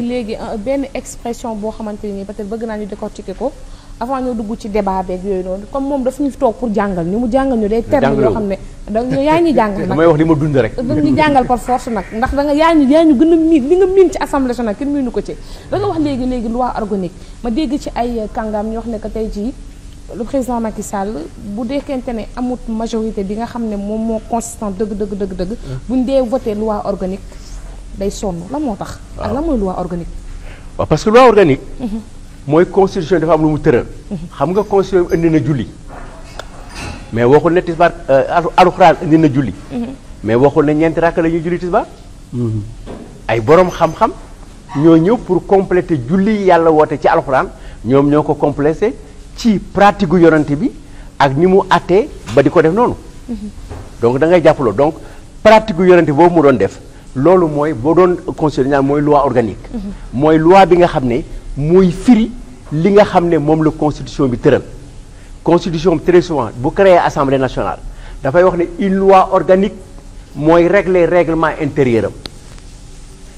léegi euh, benn expression boo xamante ni peut-être bëgg naa ñu décortiquer ko avant ñoo dugg ci débat beeg yooyu noonu comme moom daf ñu toog pour jàngal ñu mu jàngal ñu day terme yoo xam ne donc yaa ñu dund rek da ñu jàngal par force nag ndax da nga gën a miin li ci assemblée nationale kenn miinu ko ci da nga wax léegi léegi loi organique ma dégg ci ay kàngaam ñu wax ne que tey jii le président Macky Sall bu dekkente ne amut majorité bi nga xam ne moom moo consistant dëgg dëgg dëgg dëgg mm. buñ dee voté loi organique day sonn lan moo tax. ak lan mooy loi organique. waaw parce que loi organique. Mhm. mooy constitution dafa am lu mu tëral. Mhm. xam nga constitution indi na julli. mais waxul ne tisbaar euh, alxuraan indi na julli. Mhm. mais waxul ne ñeenti rakk la ñuy julli tisbaar. ay borom xam-xam. ñoo ñëw pour compléter julli yàlla woote ci alxuraan ñoom ñoo ko complété ci pratique gu yonante bi ak ni mu àttee ba di ko def noonu. donc da ngay jàppaloo donc pratique gu yonante boobu mu doon def. loolu mooy boo doon constitutionnel mooy loi organique. mooy loi bi nga xam ne muy firi li nga xam ne moom la constitution bi tëral. constitution bi très souvent bu créé assemblée nationale dafay wax ne une loi organique mooy régler réglement intérieur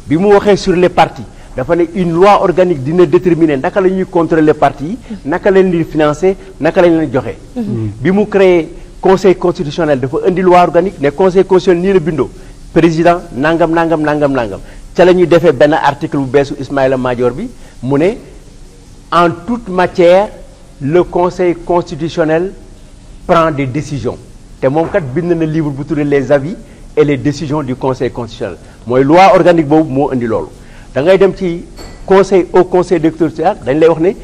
bi mu waxee sur les partis dafa ne une loi organique dina déterminer naka la ñuy contrôler les naka lañ leen financer naka lañ leen joxe. Mm-hmm. bi mu créé conseil constitutionnel dafa indi loi organique ne conseil constitutionnel bindoo. président nangam nangam nangam nangam ca la ñuy defee benn article bu beesu Ismaïla Madior bi mu ne en toute matière le conseil constitutionnel prend des décisions te moom kat bind na livre bu tuddee les avis et les décisions du conseil constitutionnel mooy loi organique boobu moo indi loolu da ngay dem ci conseil au conseil départemental ah, dañ lay wax ni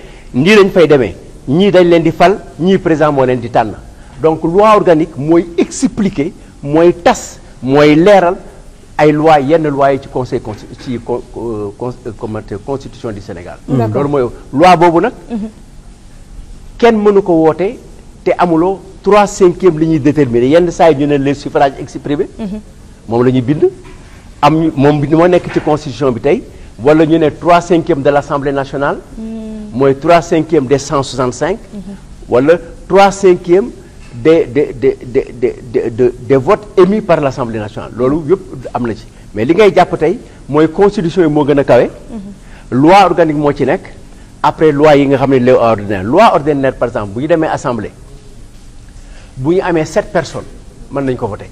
nii lañ fay demee ñii dañ leen di fal ñii présent moo leen di tànn donc loi organique mooy expliquer mooy tas mooy leeral ay loi yenn loi yi ci conseil con ci euh, comment constitution du Sénégal. loolu mooy loi boobu nag. Mhm. kenn mënu ko woote te amuloo trois cinquième li ñuy déterminer yenn saa yi ñu ne les suffrages exprimés. Mhm. moom la ñuy bind. am moom moo nekk ci constitution bi tey wala ñu ne trois cinquième de l' assemblée nationale. Mhm. mooy trois cinquième des cent soixante cinq. wala trois cinquième de de des de des des des votes émis par l'Assemblée nationale loolu yëpp am na ci mais li ngay jàpp tey mooy constitution yi moo gën a kawe. loi organique moo ci nekk après loi yi nga xam ne loi ordinaire loi ordinaire par exemple bu ñu demee assemblée bu ñu amee sept personnes man nañ ko voter.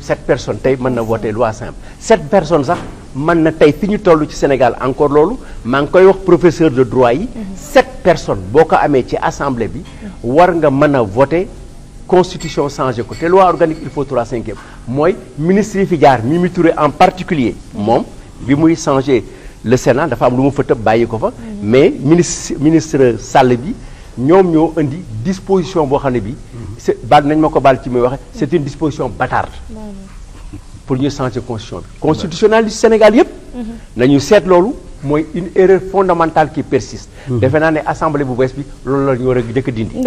sept personnes tey mën na voter loi simple sept personnes sax mën na tey fi ñu toll ci Sénégal encore loolu maa ngi koy wax professeur de droit yi. Mhm. personne boo ko amee ci assemblée bi war nga mën a voter constitution changé ko te loi organique il faut trois cinquième mooy ministre yi fi jaar Mimi Touré en particulier moom bi muy changé le Sénat dafa am lu ma fa tëb bàyyi ko fa mais ministre ministre Sall bi ñoom ñoo indi disposition boo xam ne bi c'est baal nañ ma ko baal ci muy waxe c'est une disposition bâtarde pour ñu changer constitution bi constitutionnel du Sénégal yëpp nañu seet loolu mooy une erreur fondamentale qui persiste. Mmh. defe naa ne assemblée bu bees bi loolu la ñu war a jëkk dindi.